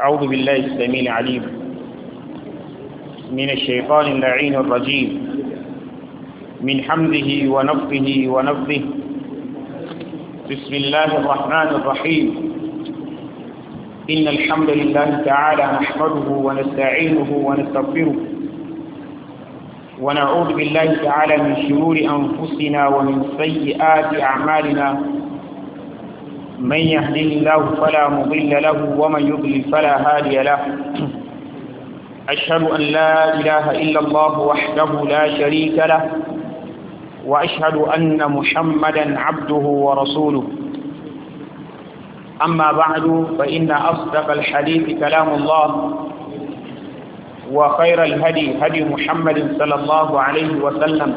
أعوذ بالله السميع العليم من الشيطان اللعين الرجيم من حمده ونفه ونفه بسم الله الرحمن الرحيم إن الحمد لله تعالى نحمده ونستعينه ونستغفره ونعوذ بالله تعالى من شرور أنفسنا ومن سيئات أعمالنا من يهدي الله فلا مضل له ومن يضلل فلا هادي له أشهد أن لا إله إلا الله وحده لا شريك له وأشهد أن محمدا عبده ورسوله أما بعد فإن أصدق الحديث كلام الله وخير الهدي هدي محمد صلى الله عليه وسلم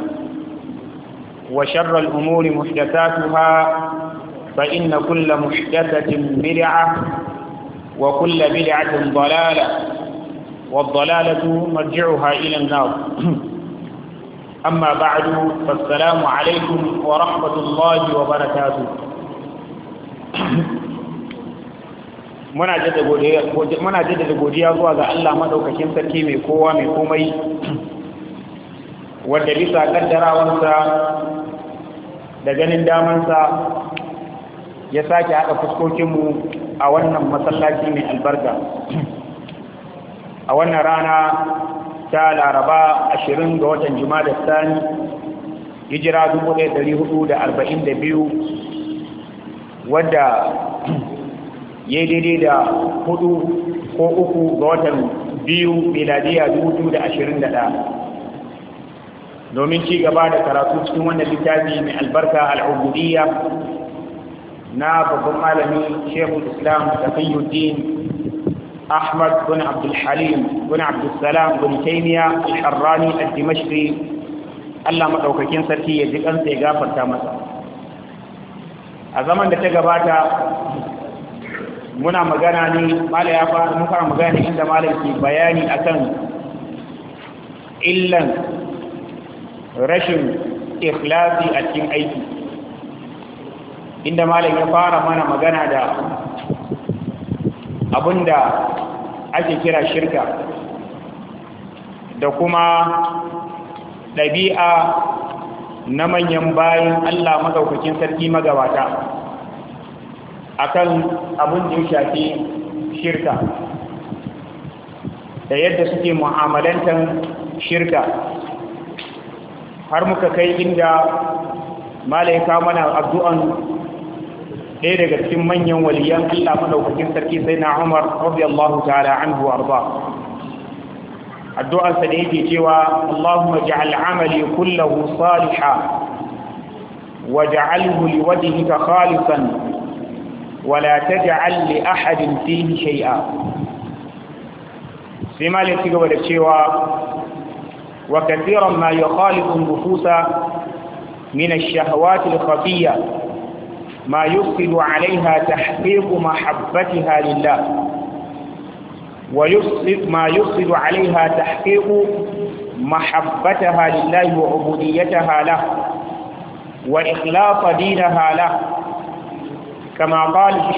وشر الأمور محدثاتها فإن كل محدثة بلعة وكل بلعة ضلالة والضلالة مرجعها إلى النار أما بعد فالسلام عليكم ورحمة الله وبركاته منا جد الغودية منا جد الله ما دوك كم تكيم كوا مكومي ودريسا قدرا وانسا دجن دامنسا ya sake haɗa fuskokinmu a wannan masallaci mai albarka a wannan rana ta laraba ashirin ga watan jumada sani hijira 1442 wadda ya daidai da hudu ko uku ga watan biyu miladiya 2021 domin ci gaba da karatu cikin wannan littafi mai albarka al'ubudiyya na babban malami shekul islam taqiyuddin ahmad bin abdul halim bin abdul bin taymiya al-harrani al-dimashqi Allah maɗaukakin sarki ya ji kansa ya gafarta masa a zaman da ta gabata muna magana ne mala ya fara magana inda malam ke bayani akan illan rashin ikhlasi a cikin aiki inda malam ya fara mana magana da abinda ake kira shirka da kuma ɗabi'a na manyan bayan Allah mazaukacin sarki magabata akan abin da ya shafi shirka da yadda suke mu'amalantar shirka har muka kai inda malaika mana addu'an ɗaya daga cikin manyan waliyan Allah madaukakin sarki sai na Umar radiyallahu ta'ala anhu arda addu'ar sa da yake cewa Allahumma ja'al amali kullahu salihan wa ja'alhu liwajhika khalisan wa la taj'al li ahadin fihi shay'a sai malik gaba da cewa wa kathiran ma yukhalifu nufusa min ash-shahawati al-khafiyya ما يفسد عليها تحقيق محبتها لله ويفسد ما يفسد عليها تحقيق محبتها لله وعبوديتها له وإخلاص دينها له كما قال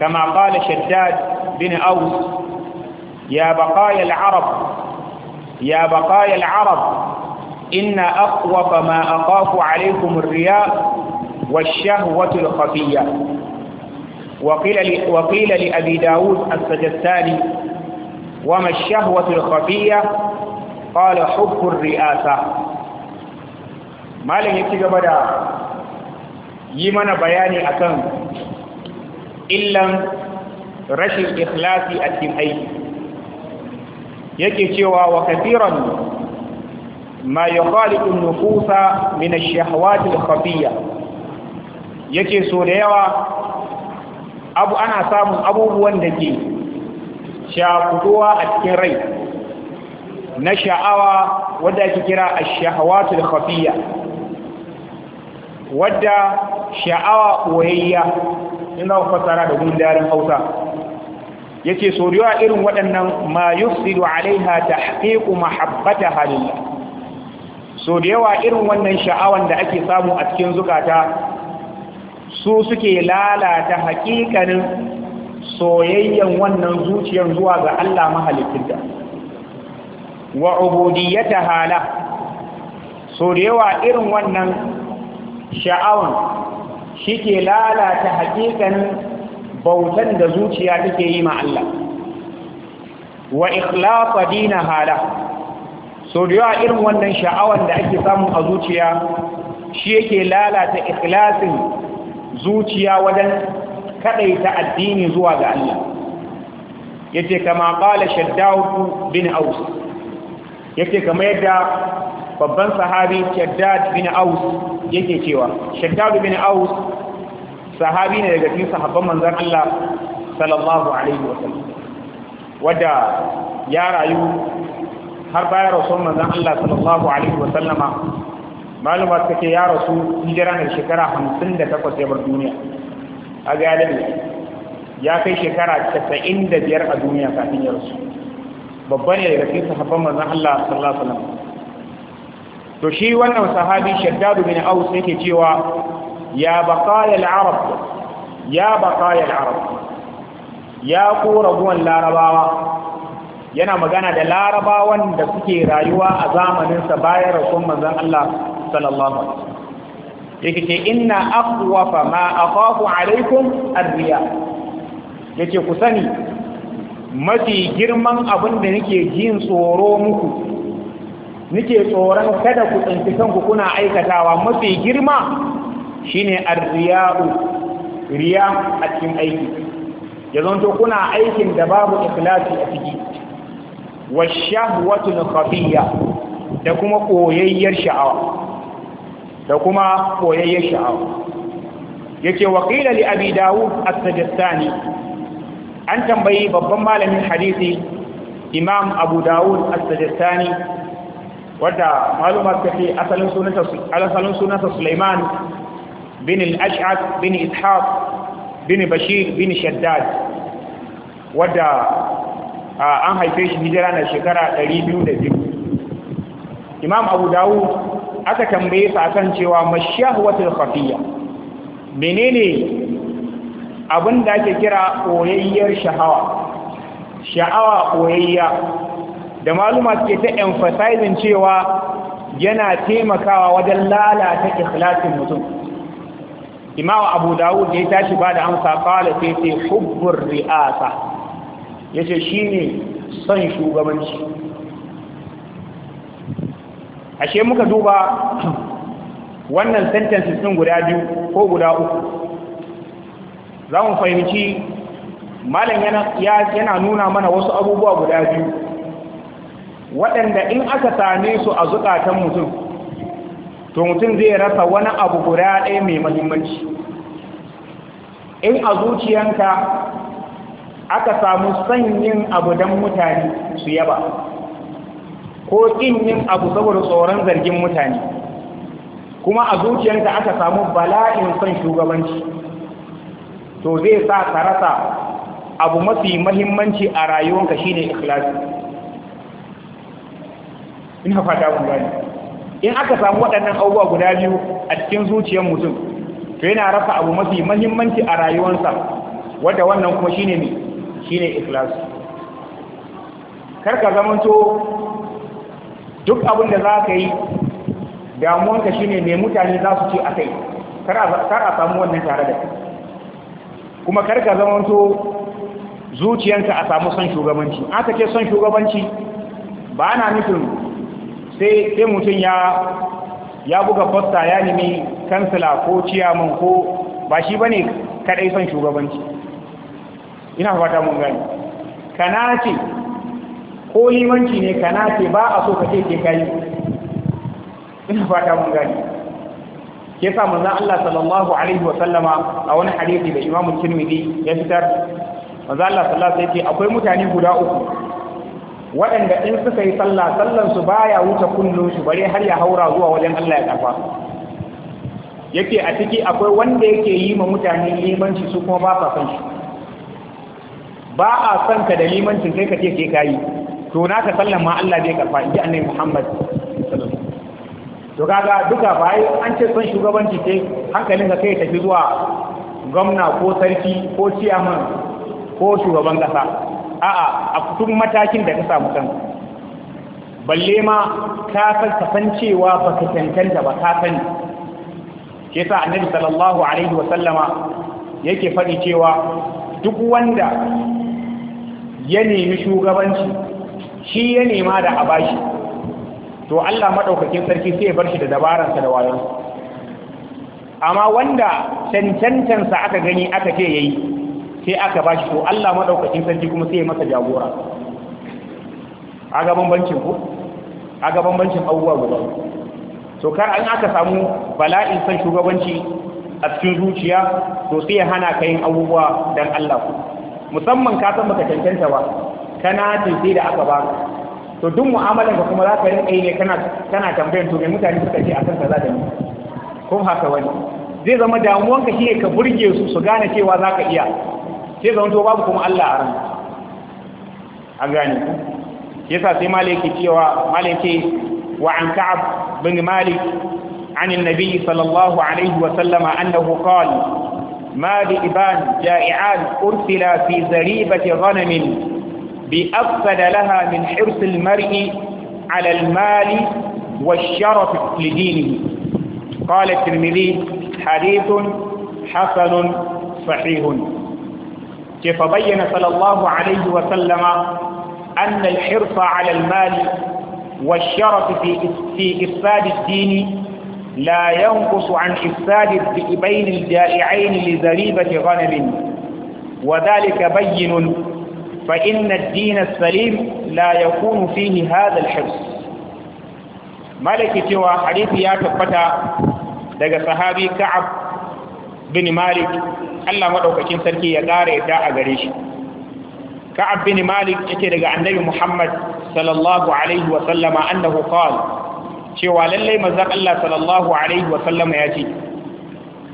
كما قال شداد بن أوس يا بقايا العرب يا بقايا العرب إن أقوى ما أخاف عليكم الرياء والشهوة الخفية وقيل, ل... وقيل لأبي داود السجستاني وما الشهوة الخفية قال حب الرئاسة ما لم يتجى بدا يمن بياني أكام إلا رشي الإخلاص التمعي يجي شوى وكثيرا ما يخالق النفوس من الشهوات الخفيه yake so da yawa abu ana samun abubuwan da ke shafuwa a cikin rai na sha'awa wadda ake kira a shahawatul khafiyya wadda sha'awa ɓoyayya ina fasara da gundarin hausa yake so da yawa irin waɗannan ma yufsidu alaiha tahqiqu mahabbataha lillah so da yawa irin wannan sha'awan da ake samu a cikin zukata su suke lalata hakikanin soyayyen wannan zuciyar zuwa ga Allah mahalikinta wa ubudiyyata hala so da yawa irin wannan sha'awun shi ke lalata hakikanin bautan da zuciya take yi ma Allah wa ikhlasa dina hala so da yawa irin wannan sha'awan da ake samu a zuciya shi yake lalata ikhlasin zuciya wajen kadaita addini zuwa ga Allah yace kama qala shaddad bin aus yake kama yadda babban sahabi shaddad bin aus yake cewa shaddad bin aus sahabi ne daga cikin sahabban manzon Allah sallallahu alaihi wasallam wanda ya rayu har bayan rasul manzon Allah sallallahu alaihi wasallama maluma suka ce ya rasu hijira na shekara hamsin da takwas ya bar duniya a galibi ya kai shekara casa'in da biyar a duniya kafin ya rasu babba ne daga cikin sahabban manzon Allah sallallahu alaihi to shi wannan sahabi shaddadu bin aus yake cewa ya baqaya al-arab ya baqaya al-arab ya ku raguwan larabawa yana magana da larabawan da suke rayuwa a zamaninsa bayan rasul manzon Allah sallallahu alaihi yake ce inna aqwafa ma akhafu alaikum arriya yake ku sani mafi girman abin da nake jin tsoro muku nake tsoron kada ku tsinci kanku kuna aikatawa mafi girma shine arriya'u riya a cikin aiki ya kuna aikin da babu ikhlasi a ciki wa shahwatul khafiyya da kuma koyayyar sha'awa da kuma boyayyen sha'awa yace wa qila li abi daud as-sajistani an tambayi babban malamin hadisi imam abu daud as-sajistani wanda maluma ta asalin sunansa asalin sunansa Sulaiman bin al-Ash'ab bin Ishaq bin Bashir bin Shaddad wanda an haife shi hijira na shekara 202 Imam Abu Dawud aka tambaye su akan cewa mashahwatul khafiya menene abin da ake kira koyayyar shahawa sha'awa koyayya da maluma suke ta emphasizing cewa yana taimakawa wajen lalata ikhlasin mutum imamu abu dawud ya tashi ba da amsa kawai sai sai hubbur ri'asa ya ce shi ne son shugabanci ashe muka duba wannan sentence ɗin guda biyu ko guda uku za mu fahimci malam yana nuna mana wasu abubuwa guda biyu waɗanda in aka same su a zukatan mutum to mutum zai rasa wani abu guda ɗaya mai mahimmanci in a zuciyanka aka samu sanyin abu don mutane su yaba ko ƙin yin abu saboda tsoron zargin mutane kuma a zuciyarka aka samu bala'in son shugabanci to zai sa ka rasa abu mafi mahimmanci a rayuwanka shine ikhlasi ina fata mun gani in aka samu waɗannan abubuwa guda biyu a cikin zuciyar mutum to yana rasa abu mafi mahimmanci a rayuwarsa wanda wannan kuma shine ne shine ikhlasi karka zamanto duk abin da za ka yi damuwanka shine mai mutane za su ce a kai kar a samu wannan tare da kuma kar ka zama zamanto zuciyanka a samu son shugabanci aka ce son shugabanci ba ana nufin sai sai mutum ya ya buga fasta ya nemi kansila ko ciyaman ko ba shi ba ne kaɗai son shugabanci ina fata mun gani kana ce ko limanci ne kana ce ba a so ka ce ke kai ina fata mun gani ke sa manzon Allah sallallahu alaihi wa sallama a wani hadisi da Imam Tirmidhi ya fitar manzon Allah sallallahu alaihi wa akwai mutane guda uku waɗanda in suka yi sallah sallan su baya wuce kullun shi bare har ya haura zuwa wajen Allah ya kafa yake a ciki akwai wanda yake yi ma mutane limanci su kuma ba sa son shi ba a son ka da limancin kai ka ce ke kayi to na ka sallan ma Allah zai karfa inji annabi Muhammad to kaga duka ba an ce son shugabanci sai hankalin ka kai tafi zuwa gwamna ko sarki ko chairman ko shugaban kasa a'a a kutun matakin da ka samu kan. balle ma ka san san cewa baka ba ka sani ke sa annabi sallallahu alaihi wa sallama yake faɗi cewa duk wanda ya nemi shugabanci shi ya nema da a bashi to Allah madaukakin sarki sai ya bar shi da dabaransa da wayon amma wanda cancantansa aka gani aka ce yayi sai aka bashi to Allah madaukakin sarki kuma sai ya masa jagora aga bambancin ku aga bambancin abubuwa guda to kar an aka samu bala'in san shugabanci a cikin zuciya to sai ya hana ka yin abubuwa dan Allah ku musamman ka san baka cancanta ba ta natin sai da aka ba to duk mu'amalan ka kuma za ka rinka yi ne kana kana tambayar to me mutane suka ce akan kaza da ni ko haka wani zai zama damuwan ka shine ka burge su su gane cewa za ka iya sai zama to babu kuma Allah a ran an gane yasa sai malaki cewa malaki wa an ka'ab bin malik عن النبي صلى الله عليه وسلم أنه قال ما لإبان جائعان أرسل في زريبة غنم بأفسد لها من حرص المرء على المال والشرف لدينه قال الترمذي حديث حسن صحيح كيف بين صلى الله عليه وسلم أن الحرص على المال والشرف في إفساد الدين لا ينقص عن إفساد الذئبين الجائعين لزريبة غنم وذلك بين فإن الدين السليم لا يكون فيه هذا الحرص مالك توا حديث يا تبتا daga sahabi Ka'ab bin Malik Allah madaukakin sarki ya kare da a gare shi Ka'ab bin Malik yake daga Annabi Muhammad sallallahu alaihi wa sallama annahu qala cewa lallai maza Allah sallallahu alaihi wa sallama ya ce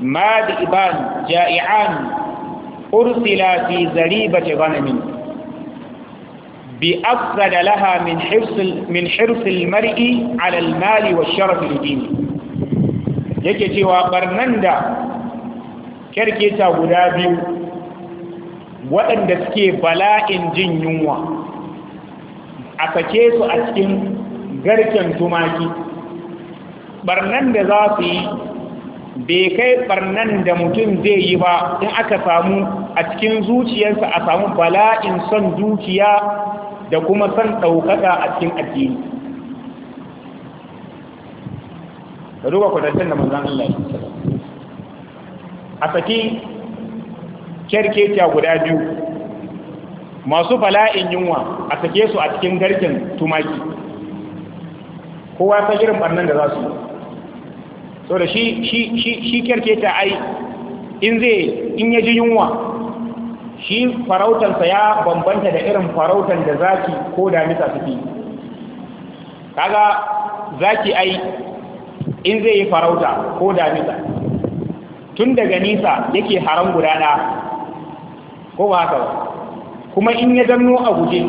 ma da iban ja'i'an ursila fi بأفضل لها من حرص من حرص المرء wa sharaf والشرف لدينه yake cewa barnan da kyarketa guda biyu waɗanda suke bala'in jin yunwa a sake su a cikin garken tumaki barnan da za su yi bai kai barnan da mutum zai yi ba in aka samu a cikin zuciyarsa a samu bala'in son zuciya. da kuma san ɗaukaka a cikin addini da duba kwatattun da manzan Allah ya a saki kyarkeciya guda biyu masu fala'in yunwa a sake su a cikin garken tumaki kowa ta irin barnan da za su so da shi shi kyarketa ai in zai in yaji ji yunwa shi farautansa ya bambanta da irin farautan da zaki ko damisa suke kaga zaki ai in zai yi farauta ko damisa tun daga nisa yake haram guda ɗaya ko ba haka kuma in ya danno a guje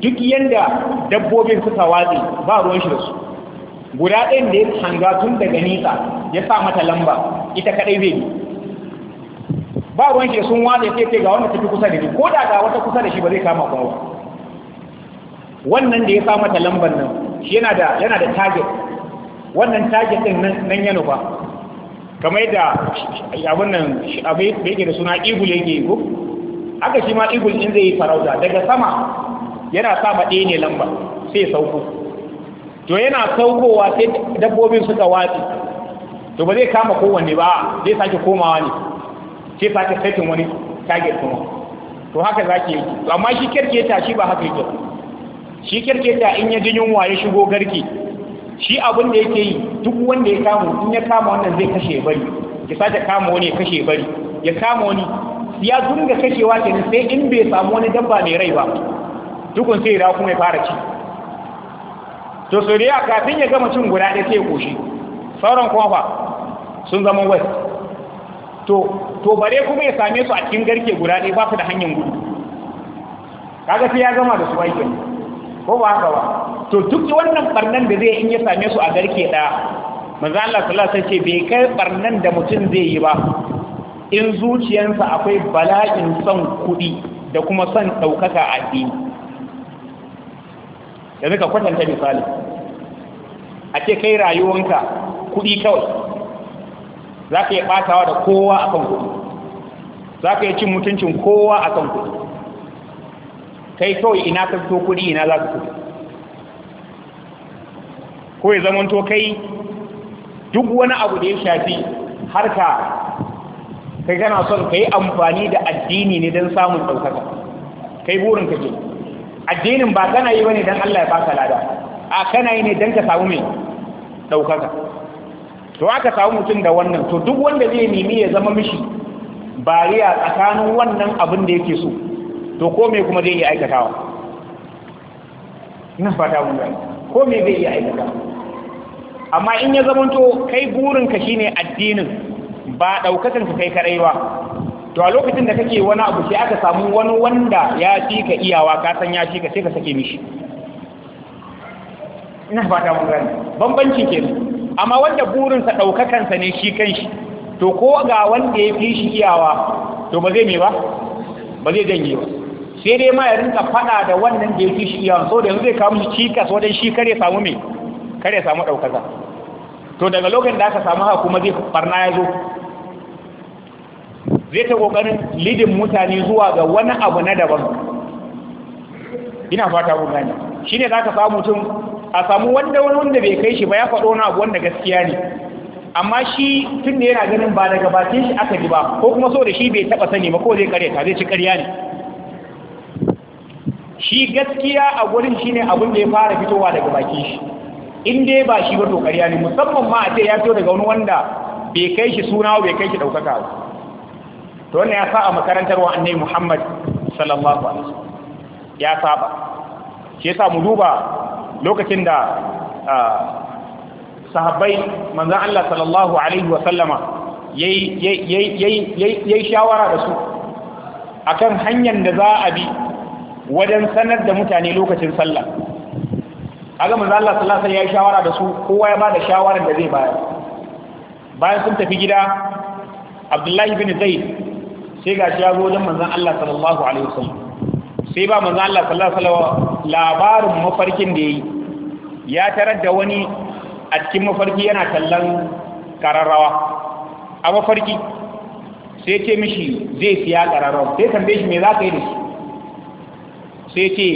duk yadda dabbobin suka watsi ba ruwan shi da su guda ɗayan da ya hanga tun daga nisa ya sa mata lamba ita kaɗai zai yi ba ruwan ke sun wane ke ke ga wanda tafi kusa da shi ko da ga wata kusa da shi ba zai kama ba wannan da ya sa mata lambar nan shi yana da yana da target wannan target din nan nan ya nufa kamar yadda abin nan abin da yake da suna igul yake yi ko aka shi ma igul in zai yi farauta daga sama yana sa ma ɗaya ne lamba sai sauko to yana saukowa sai dabbobin suka watsi to ba zai kama kowanne ba zai sake komawa ne sai ta saitin wani target kuma to haka za ki yi amma shi kerketa shi ba haka yake shi kerketa in ya ji yunwa ya shigo garki shi abin da yake yi duk wanda ya kama in ya kama wannan zai kashe bari ya sake kama wani ya kashe bari ya kama wani ya dunga kashewa kenan sai in bai samu wani dabba mai rai ba dukun sai da kuma ya fara ci to sai ya kafin ya gama cin guda ɗaya sai ya koshi sauran kuma fa sun zama west to to bare kuma ya same su a cikin garke guda ɗaya ba su da hanyar gudu kaga sai ya gama da su aikin ko ba haka ba to duk wannan barnan da zai in ya same su a garke ɗaya manzo Allah sallallahu alaihi wasallam ce bai kai barnan da mutum zai yi ba in zuciyarsa akwai bala'in son kuɗi da kuma son ɗaukaka a addini yanzu ka kwatanta misali a ce kai rayuwanka kuɗi kawai za ka yi ɓatawa da kowa a kan kudu za ka yi cin mutuncin kowa a kan kuɗi kai kawai ina ka fito kuɗi ina za ka kudu ko ya zamanto kai duk wani abu da ya shafi har ka kai gana son ka yi amfani da addini ne don samun ɗaukaka kai burin ka ce addinin ba kana yi wani don Allah ya baka lada a kana yi ne don ka samu mai ɗaukaka. to aka samu mutum da wannan to duk wanda zai nemi ya zama mishi bariya tsakanin wannan abin da yake so to ko me kuma zai iya aikatawa ina fata mun gani ko me zai iya aikatawa amma in ya zama to kai burin ka shine addinin ba daukakan ka kai karai ba to a lokacin da kake wani abu sai aka samu wani wanda ya fi ka iyawa ka san ya fi ka sai ka sake mishi ina fata mun gani bambancin kenan amma wanda burinsa ɗaukakansa ne shi kanshi to ko ga wanda ya fi shi iyawa to ba zai me ba ba zai danye ba sai dai ma ya rinka fada da wannan da ya fi shi iyawa so da yanzu zai kawo shi cikas wajen shi kare samu me kare samu ɗaukaka to daga lokacin da aka samu haka kuma zai farna ya zo zai ta kokarin lidin mutane zuwa ga wani abu na daban ina fata ku gani Shi ne za zaka samu tun a samu wanda wani wanda bai kai shi ba ya faɗo na abu wanda gaskiya ne amma shi tun da yana ganin ba daga bakin shi aka ji ba ko kuma so da shi bai taɓa sani ba ko zai kare ta zai ci karya ne shi gaskiya a gurin ne abin da ya fara fitowa daga bakin shi in dai ba shi ba to karya ne musamman ma a ce ya fito daga wani wanda bai kai shi suna bai kai shi ɗaukaka ba to wannan ya sa a makarantar wa annabi Muhammad sallallahu alaihi wasallam ya saba shi yasa mu duba lokacin da sahabbai manzan Allah sallallahu alaihi wa sallama yayi shawara da su akan hanyar da za a bi wajen sanar da mutane lokacin sallah aga manzon Allah sallallahu alaihi wa yayi shawara da su kowa ya bada shawaran da zai bayar bayan sun tafi gida Abdullahi bin Zaid sai shi ya zo wajen manzan Allah sallallahu alaihi wa sallam sai ba manzo Allah sallallahu alaihi wasallam labarin mafarkin da yayi ya tarar da wani a cikin mafarki yana kallon kararrawa a mafarki sai ce mishi zai siya kararrawa sai tambaye shi me za ka yi da shi sai ce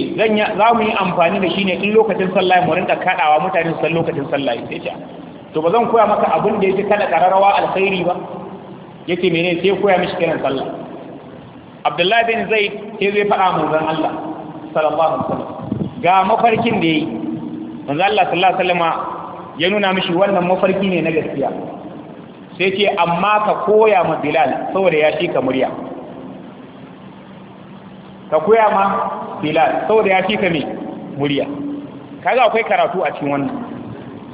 za mu yi amfani da shi ne in lokacin sallah mu rinka kadawa mutane su san lokacin sallah sai ce to ba zan koya maka abin da yake kada kararrawa alkhairi ba yake menene sai koya mishi kiran sallah abdullahi bin zai ke zai faɗa manzan Allah sallallahu alaihi ga mafarkin da yi. manzan Allah sallallahu alaihi wasallam ya nuna mishi wannan mafarki ne na gaskiya sai ce amma ka koya ma bilal saboda ya shi ka murya ka koya ma bilal saboda ya shi ka me murya kaga akwai karatu a cikin wannan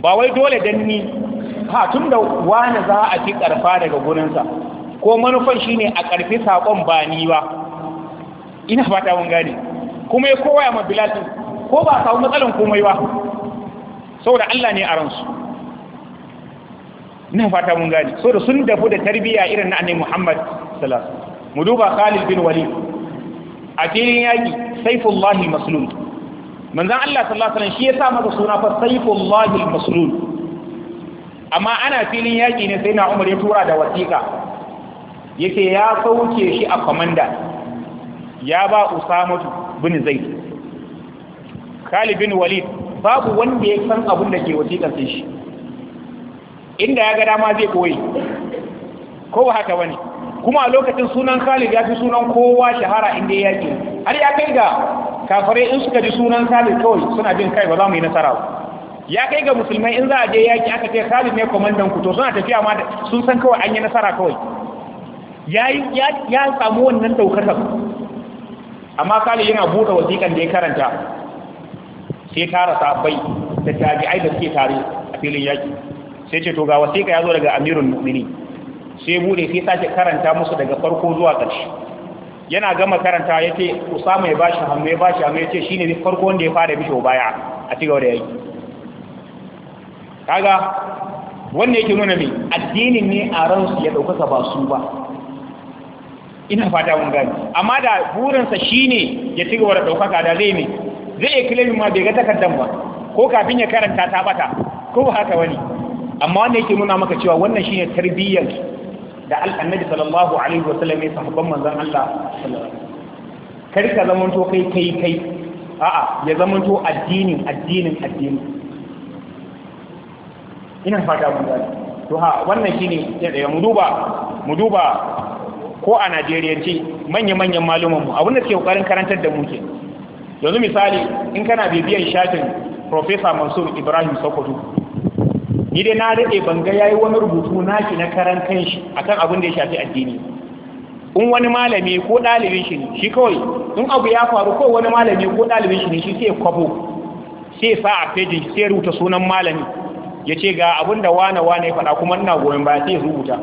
ba wai dole dan ni ha tunda wani za a ci karfa daga gurinsa ko manufan shi ne a karfi saƙon ba ni ba ina fata mun gane kuma ya kowa ya ma bilal ko ba samu matsalan komai ba saboda Allah ne a ransu ina fata mun gane saboda sun dafu da tarbiyya irin na annabi Muhammad sallallahu alaihi wasallam mu duba Khalid bin Walid a filin yaki saifullahi maslul manzon Allah sallallahu alaihi wasallam shi ya sa masa suna fa saifullahi maslul amma ana filin yaki ne sai na Umar ya tura da wasiƙa yake ya sauke shi a kwamanda ya ba usamatu bin zaid kalibin walid babu wanda ya san abin da ke wasiƙar shi inda ya ga dama zai koyi ko haka wani kuma a lokacin sunan khalid ya fi sunan kowa shahara inda ya yake har ya kai ga kafare in suka ji sunan khalid kawai suna bin kai ba za mu yi nasara ba ya kai ga musulmai in za a je yaki aka ce khalid ne komandan ku to suna tafiya ma sun san kawai an yi nasara kawai ya samu wannan daukakar amma kali yana buɗe wasiƙan da ya karanta sai tara sabai da tabi'ai da suke tare a filin yaki sai ce to ga wasiƙa ya zo daga Amirun mu'minin sai bude sai sake karanta musu daga farko zuwa ƙarshe yana gama karanta ya ce usama ya bashi hannu ya bashi hannu ya ce shine ne farko wanda ya fara mishi baya a cigaba da yaki kaga wannan yake nuna mai addinin ne a ransu ya ɗaukaka ba su ba ina fata mun gani amma da burinsa shine ya ci gaba da ɗaukaka da zai ne zai claim ma bai ga takardan ba ko kafin ya karanta ta bata ko haka wani amma wanda yake nuna maka cewa wannan shine tarbiyyar da annabi sallallahu alaihi sallam ya sahabban manzon Allah sallallahu alaihi kar ka zamanto kai kai kai a'a ya zamanto addinin addinin addini ina fata mun gani to ha wannan shine ya mu duba mu duba ko a najeriyanci manya-manyan malumanmu abinda suke ƙoƙarin karantar da muke yanzu misali in kana bibiyan shafin profesa mansur ibrahim sokoto ni dai na daɗe banga ya yi wani rubutu naki na karan shi akan abin da ya shafi addini in wani malami ko ɗalibin shi shi kawai in abu ya faru ko wani malami ko ɗalibin shi ne shi sai kwabo sai sa a fejin sai rubuta sunan malami ya ce ga abin da wane wane ya faɗa kuma ina goyon baya sai rubuta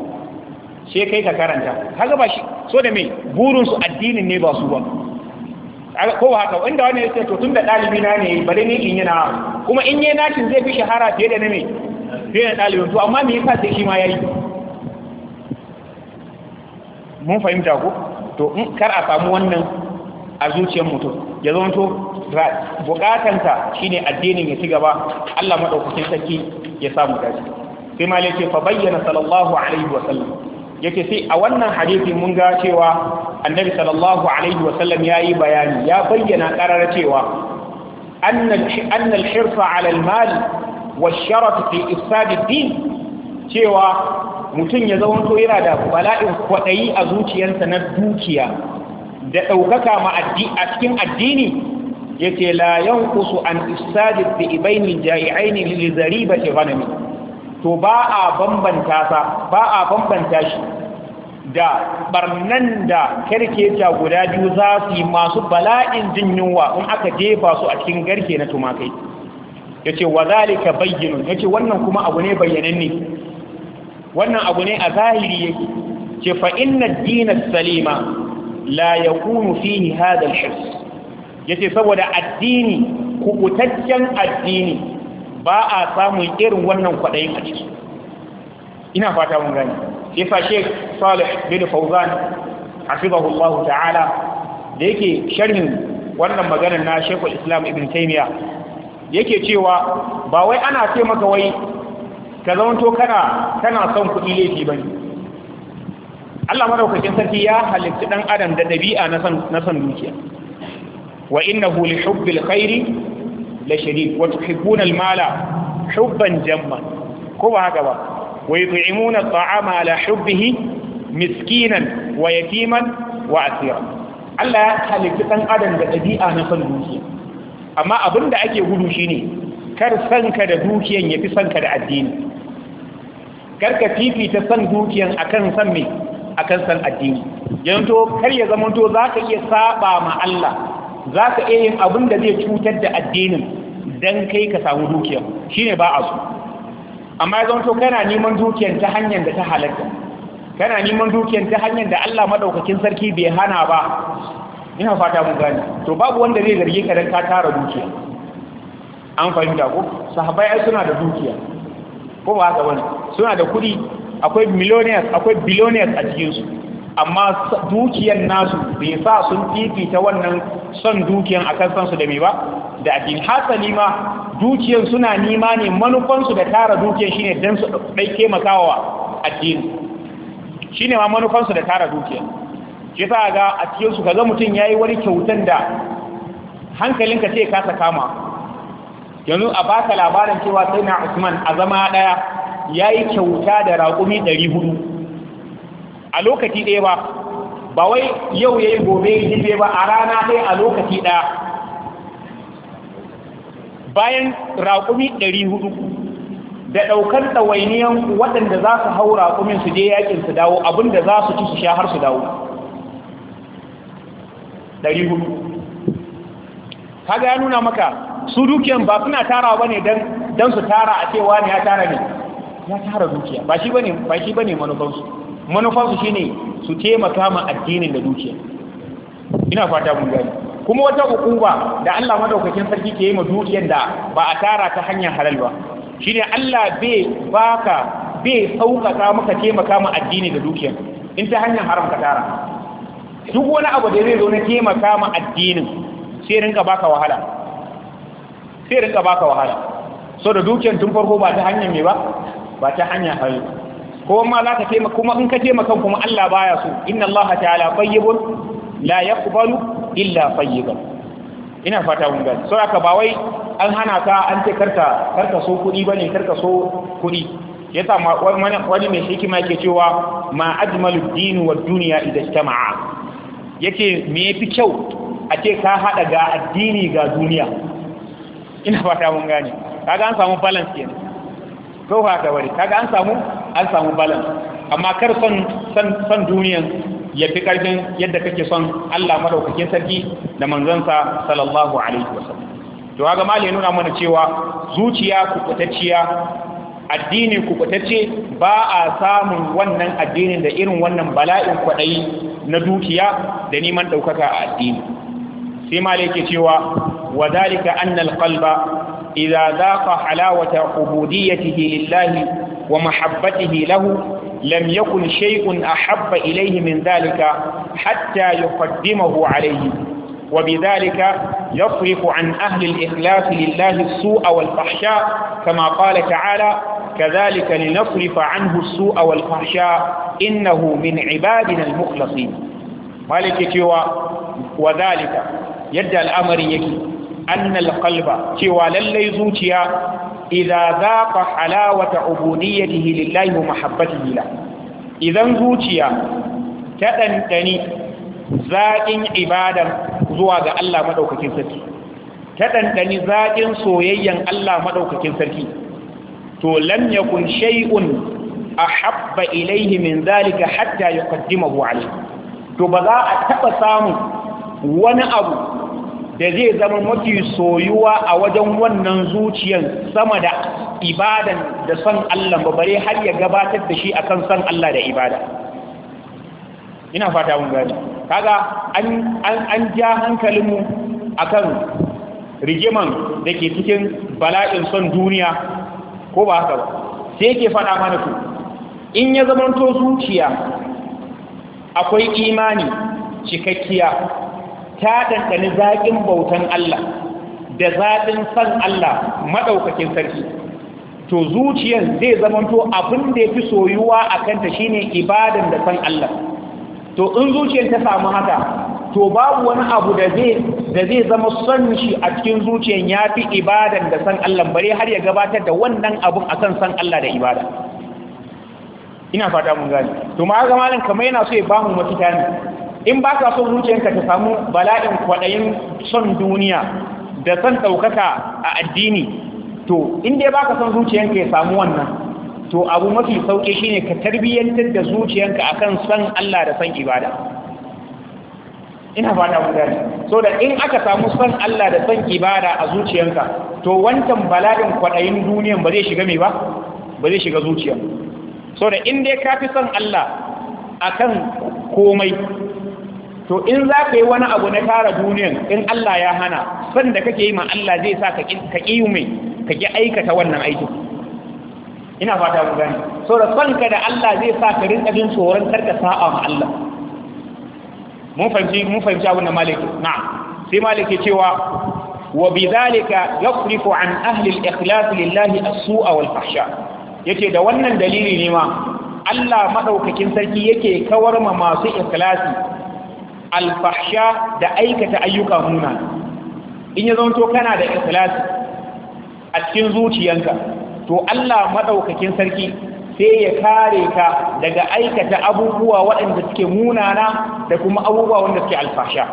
sai kai ka karanta kaga ba shi so da mai burin addinin ne ba su ba ko haka inda wani yake to tun da dalibi na ne bare ni in yana kuma in yana shin zai fi shahara fiye da na fiye da dalibin to amma me yasa sai shi ma yayi mun fahimta ko to in kar a samu wannan a zuciyar mutum ya zama to bukatanta shine addinin ya ci gaba Allah madaukakin sarki ya samu dace sai malai fa bayyana sallallahu alaihi wa sallam Yake sai a wannan hadisi mun ga cewa annabi sallallahu alaihi wasallam ya yi bayani ya bayyana karar cewa annal al ala al-mal wa sharaf fi ifsad din cewa mutum ya zama to yana da bala'in kwadayi a zuciyarsa na dukiya da daukaka ma a cikin addini yace la yanqusu an ifsad fi ibayn al-ja'i'ain li ghanami to ba a bambanta sa ba a bambanta shi da barnan da kerketa guda biyu za su yi masu bala'in jin yunwa in aka jefa su a cikin garke na tumakai ya ce wa zalika bayyinun ya ce wannan kuma abu ne bayyananne wannan abu ne a zahiri yake ce fa dinar salima la ya kunu shirs ya ce saboda addini kubutaccen addini ba a samun irin wannan kwaɗayin a ciki ina fata mun gani sai fa Sheikh Salih bin Fawzan hafizahullahu ta'ala da yake sharhin wannan maganar na Sheikh Islam Ibn Taymiyyah yake cewa ba wai ana ce maka wai ka zamanto kana kana son kuɗi laifi bane Allah madaukakin sarki ya halitta dan adam da dabi'a na son na san dukiya wa innahu li hubbil khairi la shadid wa tuhibbuna al-mala hubban jamma ko ba haka ba wa yut'imuna taama ala hubbihi miskinan wa yatiman wa asira Allah ya halitta ɗan adam da ɗabi'a na son dukiya amma abinda ake gudu shine kar ka da dukiyan yafi sanka da addini ka fifita san dukiyan akan san me akan san addini yanzu kar ya zama to zaka iya saba ma Allah zaka iya yin abin da zai cutar da addinin dan kai ka samu dukiyar ne ba a so amma ya zanto kana neman dukiyar ta hanyar da ta halatta kana neman dukiyar ta hanyar da Allah maɗaukakin sarki bai hana ba ina fata mun gane to babu wanda zai zarge ka dan ka tara dukiya an fahimta ko sahabai ai suna da dukiya ko ba haka bane suna da kuɗi akwai millionaires akwai billionaires a cikin su amma dukiyar nasu bai sa sun fifita wannan son dukiyan akan kansu da me ba da addini hasali ma dukiyar suna nima ne manufansu da tara dukiyar shine dan su dai makawa addini shine ma manufansu da tara dukiyar shi ta ga a cikin su kaga mutum yayi wani kyautan da hankalinka sai ka saka ma yanzu a baka labarin cewa sai na Usman a zama daya yayi kyauta da raƙumi 400 a lokaci ɗaya ba ba wai yau yayi gobe yi ba a rana sai a lokaci ɗaya bayan raƙumi ɗari hudu da ɗaukar ɗawainiyan waɗanda za su hau raƙumin su je yakin su dawo abinda za su ci su sha har su dawo ɗari hudu kaga ya nuna maka su dukiyan ba suna tara ba ne don su tara a cewa ne ya tara ne ya tara dukiya ba shi ba ne manufansu manufansu shi ne su taimaka ma addinin da dukiya ina fata mun gani kuma wata hukuma da Allah madaukakin sarki ke yi ma dukiyar da ba a tara ta hanyar halal ba shine Allah bai baka bai saukaka maka taimaka ma addini da dukiyar in ta hanyar haram ka tara duk wani abu da zai zo na taimaka ma addinin sai rinka baka wahala sai rinka baka wahala so da dukiyar tun farko ba ta hanyar me ba ba ta hanyar halal ko ma za ka taimaka kuma in ka taimaka kuma Allah baya so inna Allah ta'ala tayyibun la yaqbalu illa fayyiban ina fata mun gani so aka ba wai an hana ka an ce karka karka so kuɗi bane karka so kuɗi yasa wani mai hikima yake cewa ma ajmalu din wa dunya idan ijtama'a yake me yafi kyau a ce ka hada ga addini ga duniya ina fata mun gani kaga an samu balance kenan ko haka wari kaga an samu an samu balance amma kar son son duniyan ya fi ƙarfin yadda kake son Allah madaukakin sarki da manzansa sallallahu alaihi wasallam to kaga mali nuna mana cewa zuciya kubutacciya addini kubutacce ba a samun wannan addinin da irin wannan bala'in kwadayi na dukiya da neman daukaka a addini sai mali yake cewa wa annal anna alqalba idza dhaqa halawata ubudiyyatihi lillahi wa mahabbatihi lahu لم يكن شيء أحب إليه من ذلك حتى يقدمه عليه وبذلك يصرف عن أهل الإخلاص لله السوء والفحشاء كما قال تعالى كذلك لنصرف عنه السوء والفحشاء إنه من عبادنا المخلصين مالك تيوى وذلك يدى الأمر يكي أن القلب تيوى للي زوتيا idza zaqa halawata ubudiyyatihi lillahi wa mahabbatihi la idan zuciya ta ɗanɗani zaƙin ibadar zuwa ga Allah madaukakin sarki ta dandani zaƙin soyayyan Allah maɗaukakin sarki to lam yakun shay'un ahabba ilaihi min zalika hatta yuqaddimahu alayhi to ba za a taɓa samun wani abu da zai zama mafi soyuwa a wajen wannan zuciyan sama da ibadan da son Allah ba bare har ya gabatar da shi akan son Allah da ibada ina fata mun gani kaga an an an ja hankalinmu a kan rigiman da ke cikin bala'in son duniya ko ba haka ba sai yake fada mana ku in ya zamanto zuciya akwai imani cikakkiya ta ɗanɗani zaƙin bautan Allah da zaɗin san Allah maɗaukakin sarki to zuciyar zai zamanto abin da ya fi soyuwa a kanta shine ibadan da san Allah to in zuciyar ta samu haka to babu wani abu da zai zama son shi a cikin zuciyar ya fi ibadan da san Allah bare har ya gabatar da wannan abun akan san Allah da ibada ina fata mun gani to ma ga malam kamar yana so ya bamu mafita ne in ba ka son zuciyarka ta samu bala'in kwaɗayin son duniya da son ɗaukaka a addini to in dai ba ka son zuciyarka ya samu wannan to abu mafi sauƙi shine ka tarbiyyantar da zuciyarka akan son Allah da son ibada ina fata mun gani so da in aka samu son Allah da son ibada a zuciyarka to wancan bala'in kwaɗayin duniyan ba zai shiga mai ba ba zai shiga zuciya so da in dai ka fi son Allah akan komai to in za ka yi wani abu na tara duniyan in Allah ya hana sanda kake yi ma Allah zai sa ka ƙi mai ka ƙi aikata wannan aiki ina fata mu gani so da sanka da Allah zai sa ka rinka jin tsoron karka sa'a ma Allah mun fahimci mun fahimci abin da maliki Na sai maliki cewa wa bidhalika yasrifu an ahli al-ikhlas lillahi as-su'a wal fahsha yace da wannan dalili ne ma Allah madaukakin sarki yake kawar ma masu ikhlasi alfahsha da aikata ayyuka muna in ya zanto kana da ikhlasi a cikin zuciyanka to Allah madaukakin sarki sai ya kare ka daga aikata abubuwa waɗanda suke munana da kuma abubuwa wanda suke alfahsha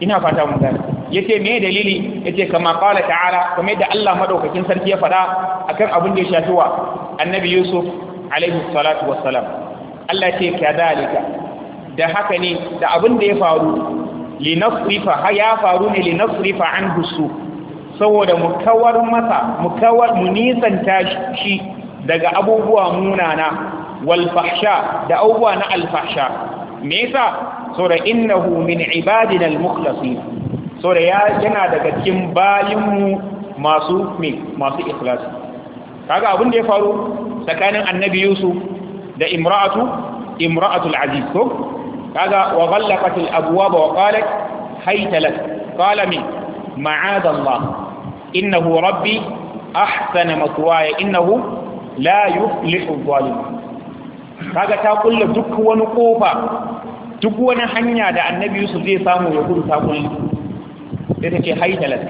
ina fata mun gani yace me dalili yace kama qala ta'ala kamar da Allah madaukakin sarki ya faɗa akan abin da ya shafi wa annabi Yusuf alaihi salatu wassalam Allah ya ce kadalika da haka ne da abin da ya faru linasrifa ya faru ne linasrifa an husu saboda mu kawar masa mu kawar mu nisanta shi daga abubuwa munana wal fahsha da abubuwa na al fahsha me yasa saboda innahu min ibadina al mukhlasin saboda yana daga cikin bayinmu masu me masu ikhlas kaga abin da ya faru tsakanin annabi yusuf da imra'atu imra'atul aziz ko kaga wa ghallaqat al abwab wa qalat hayta lak qala min ma'ad Allah innahu rabbi ahsana maswaya innahu la yuflihu adh-dhalimun kaga ta kulla duk wani kofa duk wani hanya da annabi Yusuf zai samu ya gudu ta kulli sai ta ce haitalat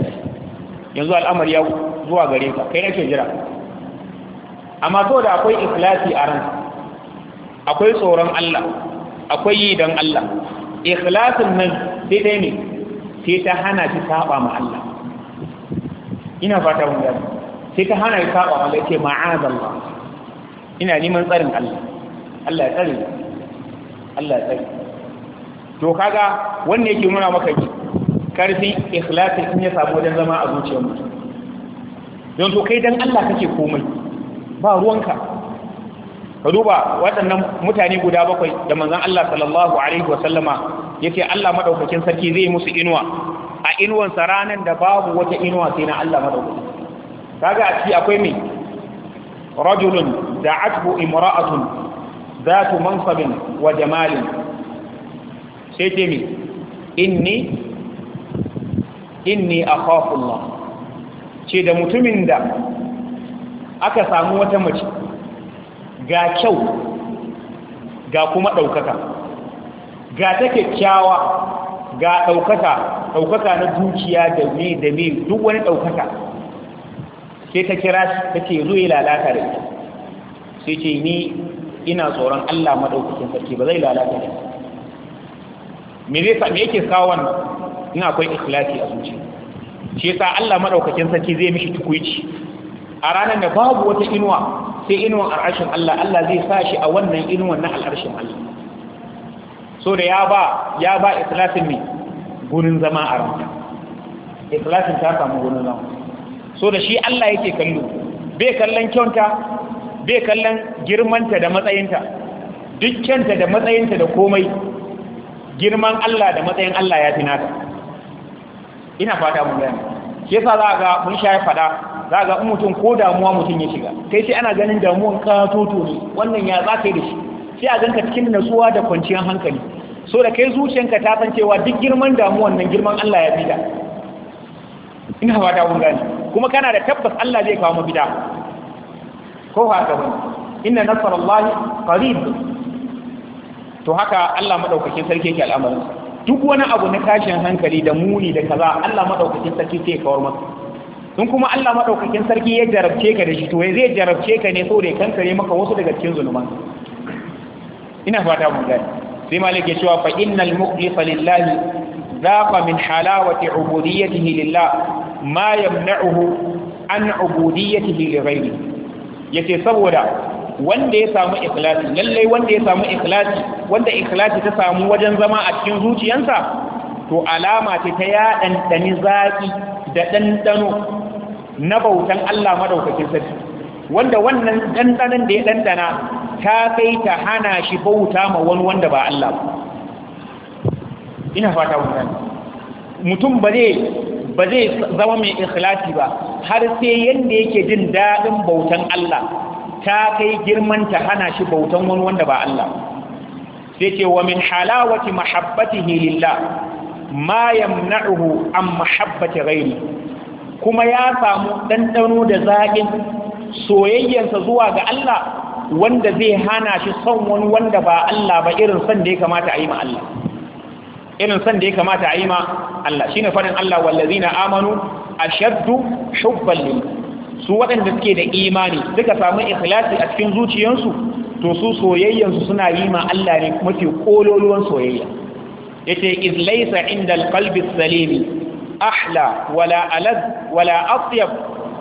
yanzu al'amari ya zuwa gare ka kai nake jira amma to da akwai ikhlasi a ran akwai tsoron Allah akwai yi don Allah ikhlasin nan sai dai ne sai ta hana shi saba ma Allah ina fata mun gani sai ta hana shi saba ma Allah ce ma'azallah ina neman tsarin Allah Allah ya tsare Allah ya tsare to kaga wannan yake nuna maka ki karfi, ikhlasin in ya samu wajen zama a zuciyar mutum don to kai dan Allah kake komai ba ruwanka ka duba waɗannan mutane guda bakwai da manzon Allah sallallahu alaihi wa sallama yace Allah madaukakin sarki zai musu inuwa a inuwan ranan da babu wata inuwa sai na Allah madaukakin kaga a ciki akwai mai. rajulun da'athu imra'atun zatu mansabin wa jamalin sai ce mi inni inni akhafu Allah ce da mutumin da aka samu wata mace ga kyau ga kuma ɗaukaka ga ta kyakkyawa ga ɗaukaka ɗaukaka na dukiya da ne da ne duk wani ɗaukaka sai ta kira shi ta ke zuwa lalata da ita sai ce ni ina tsoron Allah maɗaukakin sarki ba zai lalata da me zai sa me yake kawo ina akwai ikhlasi a zuci shi yasa Allah maɗaukakin sarki zai mishi tukuici a ranar da babu wata inuwa sai inuwan al'arshin Allah Allah zai sa shi a wannan inuwan na al'arshin Allah so da ya ba ya ba ikhlasin ne gunin zama a ranta, ikhlasin ta samu gunin zama so da shi Allah yake kallo bai kallon kyauta bai kallon girmanta da matsayinta duk kyanta da matsayinta da komai girman Allah da matsayin Allah ya fi nata ina fata mun gani shi yasa za a ga mun sha fada za ga in mutum ko damuwa mutum ya shiga kai sai ana ganin damuwan katoto ne wannan ya za ka yi da shi sai a ganka cikin nasuwa da kwanciyar hankali so da kai zuciyanka ta san cewa duk girman damuwan nan girman Allah ya fi da ina ba da gani kuma kana da tabbas Allah zai kawo mafita ko haka bane inna nasrallahi qarib to haka Allah madaukakin sarki yake al'amarin duk wani abu na tashin hankali da muni da kaza Allah madaukakin sarki sai ya kawar masa in kuma Allah madaukakin sarki ya jarabce ka da shi to zai jarabce ka ne saboda ya kankare maka wasu daga cikin zuluman ina fata mun gani sai malik ya cewa fa innal muqlisa lillahi zaqa min halawati ubudiyyatihi lillah ma yamna'uhu an ubudiyyatihi li ghayri yace saboda wanda ya samu ikhlasi lallai wanda ya samu ikhlasi wanda ikhlasi ta samu wajen zama a cikin zuciyarsa to alama ce ta ya dandani zaki da dandano na bautan Allah madaukakin sarki wanda wannan dandanan da ya dandana ta kai ta hana shi bauta ma wani wanda ba Allah ba ina fata wannan mutum ba zai ba zai zama mai ikhlasi ba har sai yanda yake jin dadin bautan Allah ta kai girman ta hana shi bautan wani wanda ba Allah sai ce wa min halawati mahabbatihi lillah ma yamna'uhu an mahabbati ghairi kuma ya samu ɗanɗano da zaƙin soyayyarsa zuwa ga Allah wanda zai hana shi son wani wanda ba Allah ba irin son da ya kamata a yi ma Allah irin son da ya kamata a yi ma Allah ne faɗin Allah wallazina amanu ashaddu hubban lil su waɗanda suke da imani suka samu ikhlasi a cikin zuciyarsu to su soyayyansu suna yi ma Allah ne mafi kololuwan soyayya yace iz laysa indal qalbi salimi أحلى ولا ألذ ولا أطيب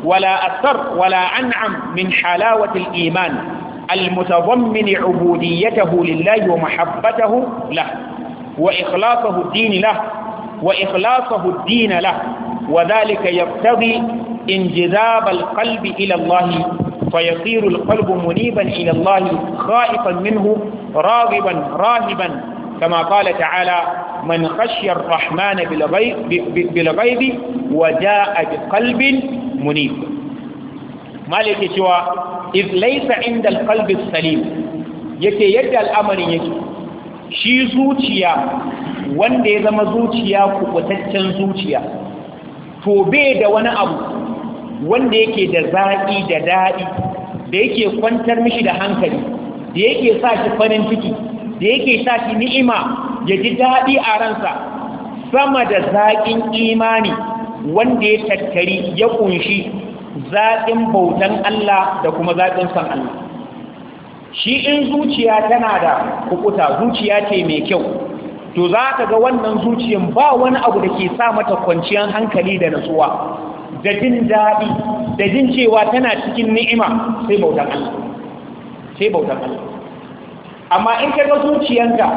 ولا أثر ولا أنعم من حلاوة الإيمان المتضمن عبوديته لله ومحبته له وإخلاصه الدين له وإخلاصه الدين له وذلك يقتضي انجذاب القلب إلى الله فيصير القلب منيبا إلى الله خائفا منه راغبا راهبا كما قال تعالى man khashiyar rahmana bilghaibi wa ja'a bi qalbin munib malike cewa iz laysa inda salim yake yadda al'amarin yake shi zuciya wanda ya zama zuciya kubutaccen zuciya to da wani abu wanda yake da zaƙi da daɗi da yake kwantar mishi da hankali da yake sa shi farin ciki da yake sa shi ni'ima ya ji daɗi a ransa sama da zaƙin imani wanda ya tattari ya ƙunshi zaƙin bautan Allah da kuma zaƙin san Allah shi in zuciya tana da kukuta zuciya ce mai kyau to za ka ga wannan zuciyan ba wani abu da ke sa mata kwanciyar hankali da natsuwa. da jin daɗi da jin cewa tana cikin ni'ima sai bautan Allah sai bautan Allah amma in ka ga zuciyanka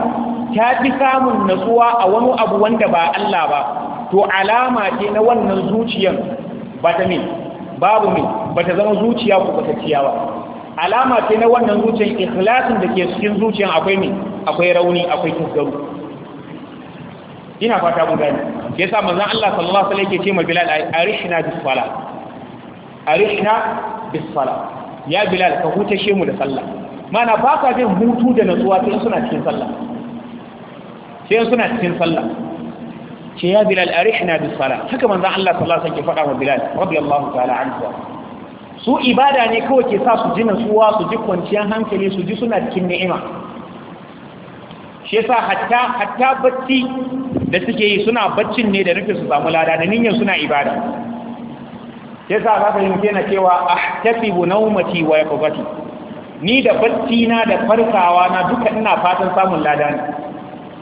ta fi samun natsuwa a wani abu wanda ba Allah ba to alama ce na wannan zuciyan ba ta min babu min ba ta zama zuciya ko batacciya ba alama ce na wannan zuciyan ikhlasin da ke cikin zuciyan akwai min akwai rauni akwai tasgaru ina fata mun gani yasa manzon Allah sallallahu alaihi wasallam yake ce ma Bilal arishna bis sala arishna bis sala ya Bilal ka hutashe mu da sallah mana ba sa jin hutu da natsuwa sai suna cikin sallah sai suna cikin sallah ce ya bilal arihna bis sala haka manzon Allah sallallahu alaihi wasallam ke faɗa wa bilal radiyallahu ta'ala anhu su ibada ne kawai ke sa su ji natsuwa su ji kwanciyar hankali su ji suna cikin ni'ima shi yasa hatta hatta bacci da suke yi suna baccin ne da nufin su samu lada da niyyar suna ibada yasa za ka yi na cewa ahtasibu nawmati wa yaqbati ni da bacci na da farkawa na duka ina fatan samun lada ne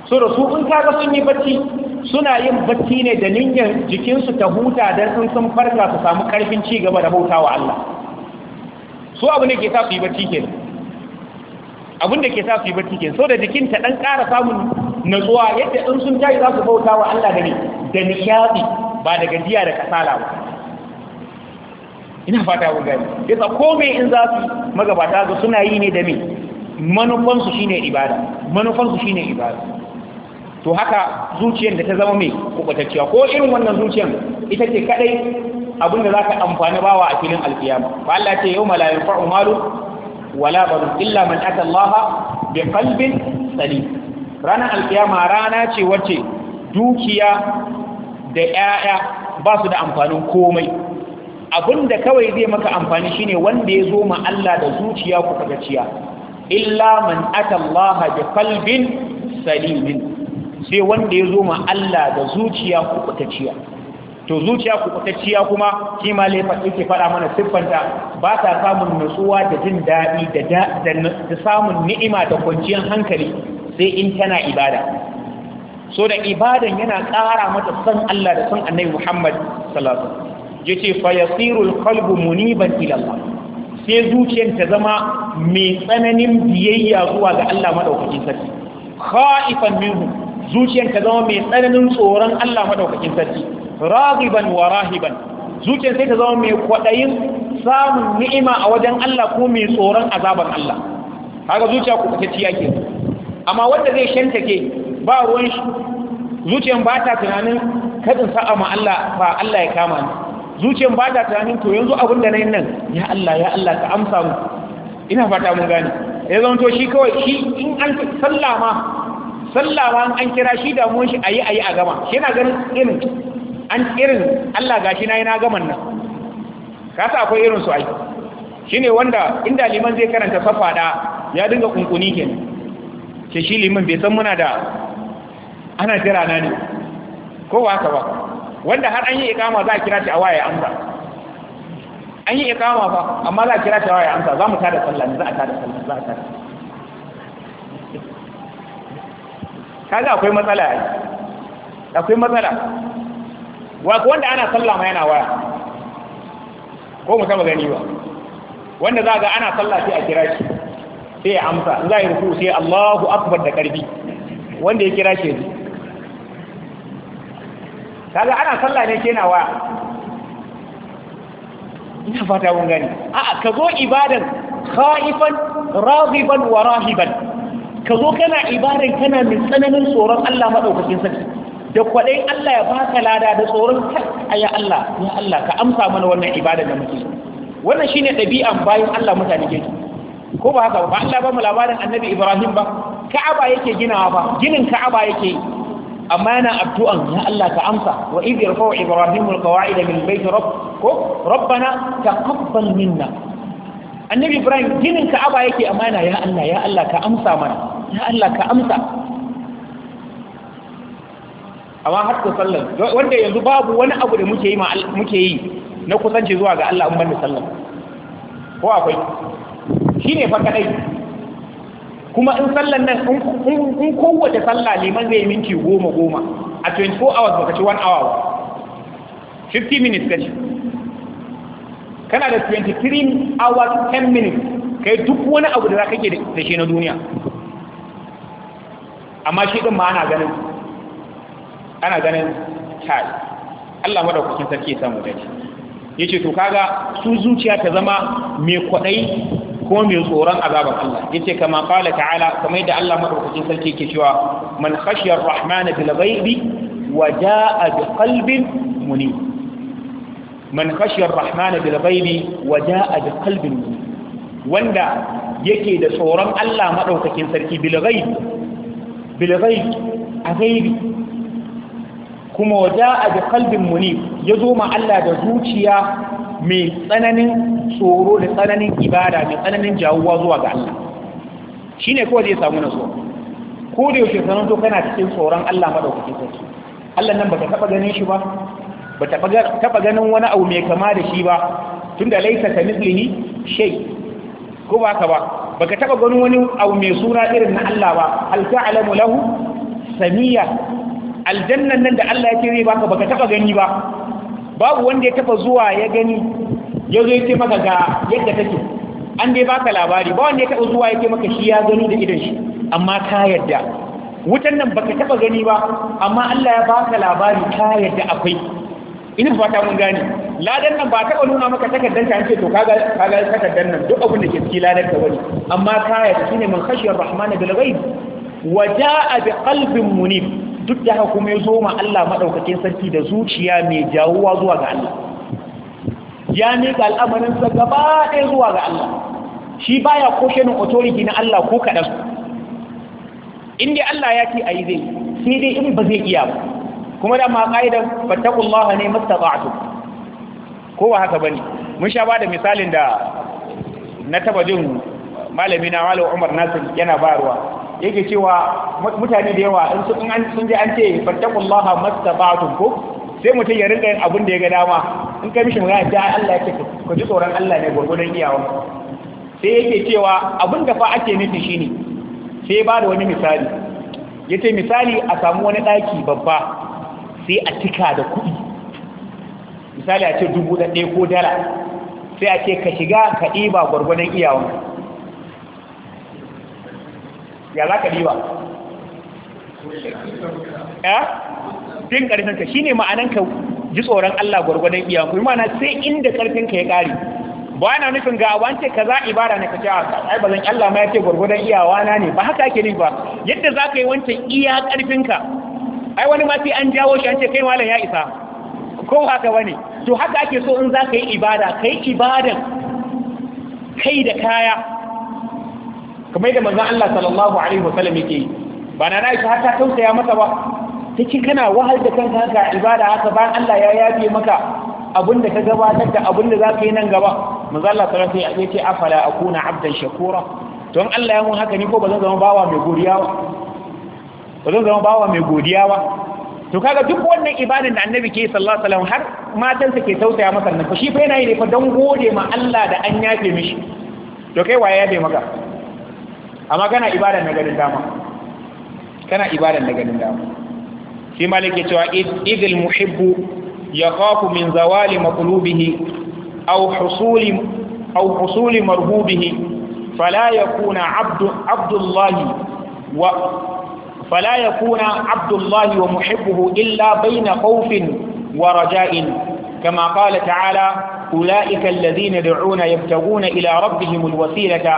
so da su in kaga sun yi bacci suna yin bacci ne da niyyar jikinsu ta huta don sun sun farka su samu karfin ci gaba da bautawa Allah so abu ne ke sa su yi bacci ke abin da ke sa su yi bacci ke so da jikin ta dan ƙara samun natsuwa yadda in sun tayi za su bautawa Allah da ne da nishadi ba da gajiya da kasala ba ina fata ku gani yasa komai in za su magabata ga suna yi ne da me manufansu shine ibada manufansu shine ibada to haka zuciyar da ta zama mai kubatacciya ko irin wannan zuciyar ita ce kadai abinda za ka amfani bawa a filin alkiyama ba Allah ce yau malayin fa'u malu wala baru illa man ata Allah bi qalbin salim ranar alkiyama rana ce wacce dukiya da 'ya'ya ba su da amfanin komai abinda kawai zai maka amfani shine wanda ya zo ma Allah da zuciya ku kagaciya illa man ata Allah bi qalbin salimin sai wanda ya zo ma Allah da zuciya ku kagaciya to zuciya ku kagaciya kuma shi ma laifin yake fara mana siffanta ba ta samun nutsuwa da jin daɗi da da samun ni'ima da kwanciyar hankali sai in tana ibada so da ibadan yana ƙara mata san Allah da san annabi Muhammad sallallahu alaihi wasallam yace fa yasirul qalbu muniban ila Allah sai zuciyar ta zama mai tsananin biyayya zuwa ga Allah madaukakin sarki khaifan minhu zuciyar ta zama mai tsananin tsoron Allah madaukakin sarki raghiban wa rahiban zuciyar sai ta zama mai kwaɗayin samun ni'ima a wajen Allah ko mai tsoron azaban Allah haka zuciya ku kace ke amma wanda zai shantake ba ruwan shi zuciyar ba ta tunanin kadin sa'a ma Allah ba Allah ya kama ni zuciyar ba ta tunanin to yanzu abin da na yin nan ya Allah ya Allah ka amsa mu ina fata mun gane ya zama to shi kawai shi in an sallama sallama an kira shi damuwar shi ayi ayi a gama shi na ganin irin an irin Allah gashi na yi na gaman nan ka sa akwai irin su ai shine wanda inda liman zai karanta safa da ya dinga kunkuni ke ke shi liman bai san muna da ana jira na ne ko ba ba wanda har an yi ikama za a kira shi a waya amsa an yi ikama fa amma za a kira shi a waya amsa za mu tada sallah ne za a tada sallah za a tada kaga akwai matsala akwai matsala wa wanda ana sallah ma yana waya ko mu taba gani ba wanda za ga ana sallah sai a kira shi sai ya amsa in za a yi ruku sai Allahu akbar da karbi wanda ya kira shi kaga ana sallah ne kenan waya ina fata mun gani a'a ka zo ibadan khaifan raghiban wa rahiban ka zo kana ibadan kana mai tsananin tsoron Allah madaukakin sarki da kwaɗayin Allah ya baka lada da tsoron kai ya Allah ya Allah ka amsa mana wannan ibadan da muke wannan shine ɗabi'an bayan Allah mutane ke ko ba haka ba Allah ba mu labarin Annabi Ibrahim ba Ka'aba yake ginawa ba ginin Ka'aba yake yi amma yana addu'an ya Allah ka amsa wa idh yarfa'u ibrahim alqawa'id min bayt rabb ko rabbana taqabbal minna annabi ibrahim ginin ka'aba yake amana ya Allah ya Allah ka amsa mana ya Allah ka amsa amma har ko sallar, wanda yanzu babu wani abu da muke yi na kusanci zuwa ga Allah an banda sallar, ko akwai shine fa kadai kuma in sallan nan in kowace sallah liman zai minti goma goma a 24 hours baka ci 1 hour 50 minutes kaci kana da 23 hours 10 minutes kai duk wani abu da za ka ke da shi na duniya amma shi ɗin ma ana ganin ana ganin chai Allah madaukakin sarki ya samu dace yace to kaga su zuciya ta zama mai kwaɗayi ko mai tsoron azaban Allah yace kama qala ta'ala kamar da Allah madaukakin sarki yake cewa man khashiya rahman bil ghaibi wa jaa bi qalbin munib man khashiya rahman bil ghaibi wa jaa bi qalbin munib wanda yake da tsoron Allah madaukakin sarki bil ghaibi bil ghaibi a ghaibi kuma waja'a bi qalbin munib yazo ma Allah da zuciya mai tsananin tsoro da tsananin ibada mai tsananin jawuwa zuwa ga Allah shi ne kawai zai samu nasuwa ko da yaushe sanar to kana cikin tsoron Allah madaukakin sarki Allah nan baka taɓa ganin shi ba ba taba ganin wani abu mai kama da shi ba tunda laisa ka mislihi shay ko ba ka ba baka taba ganin wani abu mai suna irin na Allah ba hal ta'lamu lahu samiya aljannan nan da Allah ya zai baka baka taba gani ba babu wanda ya taba zuwa ya gani ya zo yake maka ga yadda take an dai baka labari ba wanda ya taba zuwa yake maka shi ya gani da idan shi amma ka yadda wutan nan baka taba gani ba amma Allah ya baka labari ka yadda akwai ina fata mun gane ladan nan ba taba nuna maka takardar ta ce to kaga kaga takardar nan duk abin da ke cikin ladan ka bane amma ka yadda shine man khashiyar rahmana bil ghaib wa jaa bi qalbin munib duk da haka kuma ya ma Allah madaukakin sarki da zuciya mai jawuwa zuwa ga Allah ya miƙa al'amarin sa gaba ɗaya zuwa ga Allah shi baya koshenin authority na Allah ko kaɗan in dai Allah ya ce a yi zai sai dai in ba zai iya ba kuma da ma ƙa'idan fattakullaha ne mastata'tu ko ba haka bane mun sha ba da misalin da na taba jin malami na Malam Umar Nasir yana barwa yake cewa mutane da yawa in sun an sun ji an ce fattaqullaha mastabatun ko sai mutum ya rinka yin abin da ya ga dama in ka mishi magana da Allah yake ku ji tsoron Allah ne gurgurun iyawa sai yake cewa abun da fa ake nufi shine sai ba da wani misali yace misali a samu wani daki babba sai a tika da kuɗi misali a ce dubu da ɗaya ko dala sai a ce ka shiga ka ɗiba gwargwadon iyawa!" ya za ka diba ya ɗin ƙarfinka shi ne ma'ananka ji tsoron Allah gwargwadon iya kuma mana sai inda ƙarfinka ya ƙari ba na nufin ga wance ka za ibara na a ai ba zan Allah ma ya ce gwargwadon iyawa na ne ba haka ake ne ba yadda za ka yi wancan iya ƙarfinka ai wani ma sai an jawo shi an ce kai malam ya isa ko haka wani to haka ake so in za ka yi ibada ka yi ibadan kai da kaya kamar yadda manzon Allah sallallahu alaihi wasallam yake ba na Aisha har ta tausaya mata ba take kana wahal da kanka haka ibada haka bayan Allah ya yafe maka abin da ka gabatar da abin da zaka yi nan gaba manzon Allah sallallahu alaihi wasallam yake afala akuna abdan shakura don Allah ya mun haka ni ko bazan zama bawa mai godiya ba bazan zama bawa mai godiya ba to kaga duk wannan ibadan da annabi ke sallallahu alaihi wasallam har matansa ke tausaya masa nan fa shi fa yana yi ne fa dan gode ma Allah da an yafe mishi to kai waye yafe maka amma kana ibada na ganin dama kana ibada na ganin dama sai malik ya cewa idil muhibbu ya khafu min zawali maqlubihi aw husuli aw husuli marhubihi fala yakuna abdu abdullah wa fala yakuna abdullah wa muhibbuhu illa bayna khawfin wa raja'in kama qala ta'ala أولئك الذين يدعون يبتغون إلى ربهم الوسيلة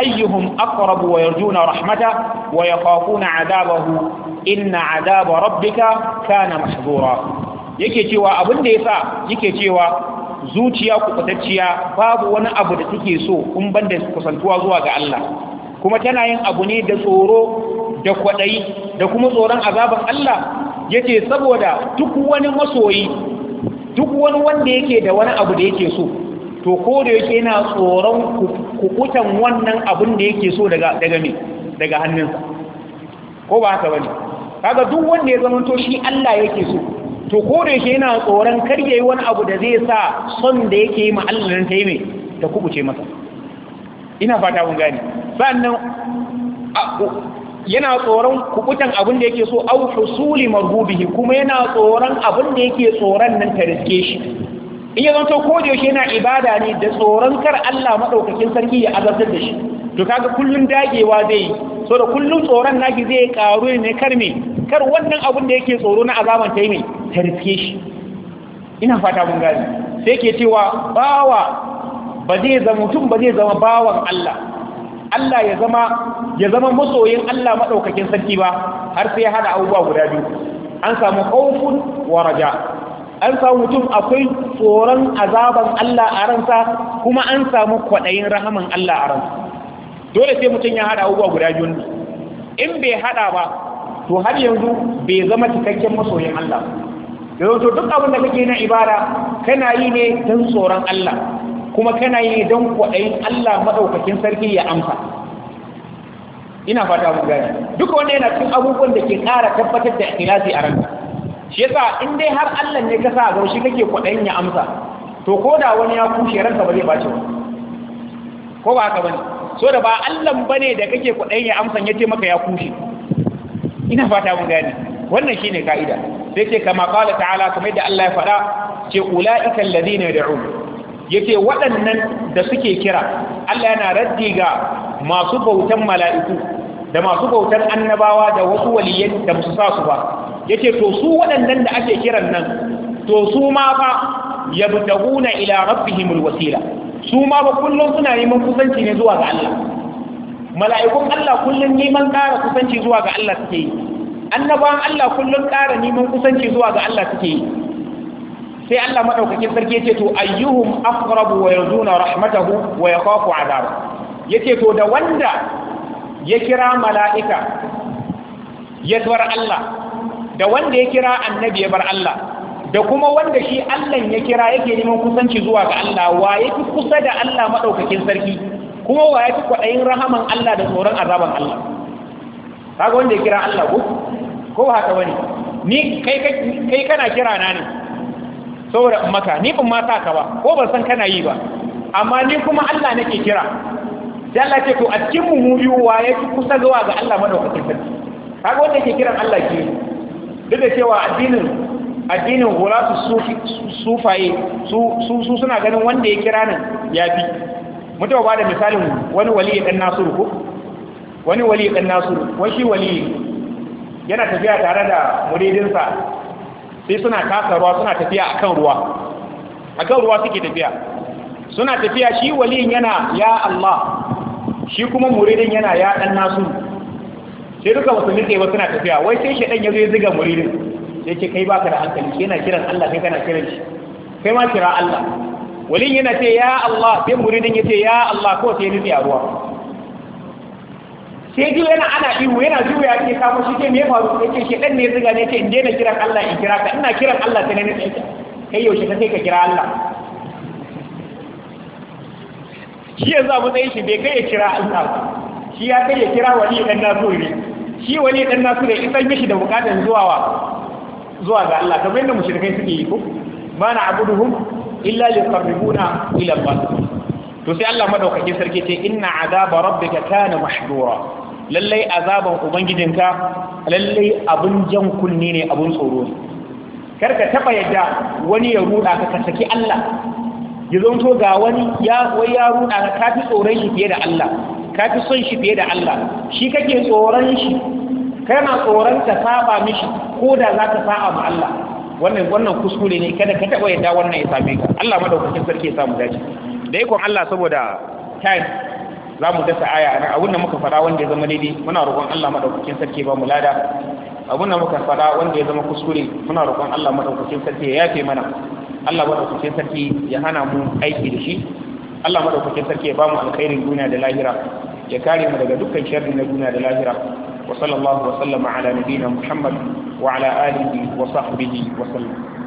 أيهم أقرب ويرجون رحمته ويخافون عذابه إن عذاب ربك كان محظورا yake cewa abin da yasa yake cewa zuciya kubutacciya babu wani abu da take so in banda kusantuwa zuwa ga Allah kuma tana yin abu ne da tsoro da kwadayi da kuma tsoron azaban Allah yace saboda duk wani masoyi duk wani wanda yake da wani abu da yake so to ko da yake yana tsoron kukutan wannan abin da yake so daga daga me daga hannunsa ko ba haka bane kaga duk wanda ya zama to shi Allah yake so to ko da yake yana tsoron kar yayi wani abu da zai sa son da yake yi ma Allah nan tayi me ta kubuce masa ina fata kun gane sannan yana tsoron kukutan abin da yake so au husuli marhubihi kuma yana tsoron abin da yake tsoron nan ta riske shi in ya zanto ko da yake yana ibada ne da tsoron kar Allah madaukakin sarki ya azabtar da shi to kaga kullun dagewa zai so da kullun tsoron naki zai karu ne kar me kar wannan abin da yake tsoro na azaban ta yi me ta riske shi ina fata mun gani sai ke cewa bawa ba zai zama mutum ba zai zama bawan Allah Allah ya zama ya zama masoyin Allah maɗaukakin sarki ba har sai ya hada abubuwa guda biyu an samu khawfun waraja. an samu mutum akwai tsoron azaban Allah a ransa kuma an samu kwaɗayin rahaman Allah a ransa dole sai mutum ya hada abubuwa guda biyu in bai hada ba to har yanzu bai zama cikakken masoyin Allah da duk abin da kake na ibada kana yi ne don tsoron Allah kuma kana yi don kwaɗayin Allah maɗaukakin sarki ya amsa ina fata mun gani Duk wanda yana cikin abubuwan da ke ƙara tabbatar da ikhlasi a ranka shi yasa in dai har Allah ne ka sa ga shi kake kwaɗayin ya amsa to ko da wani ya kushe ranka ba zai bace ba ko ba haka bane so da ba Allah bane da kake kwaɗayin ya amsa ya ce maka ya kushe ina fata mun gani wannan shine ka'ida sai ce kama qala ta'ala kamar yadda Allah ya faɗa ce ulaiikal ladina yad'un yace waɗannan da suke kira Allah yana raddi ga masu bautan mala'iku da masu bautan annabawa da wasu waliyyai da musu sa su ba yace to su waɗannan da ake kiran nan to su ma ba fa yabtaguna ila rabbihimul wasila su ma ba kullum suna neman kusanci ne zuwa ga Allah mala'ikun Allah kullum neman ƙara kusanci zuwa ga Allah suke yi annabawan Allah kullum ƙara neman kusanci zuwa ga Allah suke yi sai Allah madaukakin sarki yace to ayyuhum aqrabu wa yazuna rahmatahu wa yakhafu adab yace to da wanda ya kira mala'ika ya bar Allah da wanda ya kira annabi ya bar Allah da kuma wanda shi Allah ya kira yake neman kusanci zuwa ga Allah wa yake kusa da Allah madaukakin sarki kuma wa yake kwaɗayin rahaman Allah da tsoron azaban Allah kaga wanda ya kira Allah ko ko haka wani ni kai kai kana kira na ne saboda in maka ni ban ma sa ka ba ko ban san kana yi ba amma ni kuma Allah nake kira sai Allah ce to a cikin mu mu wa yake kusa zuwa ga Allah madaukakin sarki kaga wanda yake kiran Allah ke duk da cewa addinin addinin guratu sufi sufaye su su suna ganin wanda ya kira nan ya bi mutum ba da misalin wani wali dan nasuru ko wani wali dan nasuru wani wali yana tafiya tare da muridinsa sai suna kasa ruwa suna tafiya a kan ruwa a kan ruwa suke tafiya suna tafiya shi waliyin yana ya Allah shi kuma muridin yana ya ɗan nasu sai duka wasu nitse ba suna tafiya wai sai shedan yazo ya ziga muridin sai ce kai baka da hankali shi yana kiran Allah kai kana kiran shi kai ma kira Allah waliyin yana ce ya Allah sai muridin ya ce ya Allah ko sai nitse a ruwa sai ji yana ana ihu yana juya ke kama shi ke me faru yake shi dan ne zuga ne ce in daina kiran Allah in kira ka ina kiran Allah sai ne tsaye kai yaushe ka sai ka kira Allah shi yanzu abu tsaye shi bai kai ya kira Allah shi ya kai ya kira wani dan nasu ne shi wani dan nasu ne san mishi da bukatan zuwa wa zuwa ga Allah kamar yadda mushrikai suke yi ko ma na abuduhum illa yuqarribuna ila Allah to sai Allah madaukakin sarki ce inna azaba rabbika kana mahdura lallai azaban ubangijinka lallai abun jan kunni ne abun tsoro ne karka taba yadda wani ya ruda ka saki Allah ya to ga wani ya wai ya ruda ka kafi tsoron shi fiye da Allah kafi son shi fiye da Allah shi kake tsoron shi kana tsoron ka saba mishi ko da za ka fa'a ma Allah wannan wannan kuskure ne kada ka taba yadda wannan ya same ka Allah madaukakin sarki ya samu dace da ikon Allah saboda time za mu dasa aya a abin da muka faɗa wanda ya zama daidai muna roƙon Allah madaukakin sarki ba mu lada abin da muka faɗa wanda ya zama kuskure muna roƙon Allah madaukakin sarki ya yafe mana Allah madaukakin sarki ya hana mu aiki da shi Allah madaukakin sarki ya ba mu alkhairin duniya da lahira ya kare mu daga dukkan sharri na duniya da lahira wa sallallahu wa sallama ala nabiyina Muhammad wa ala alihi wa sahbihi wa sallam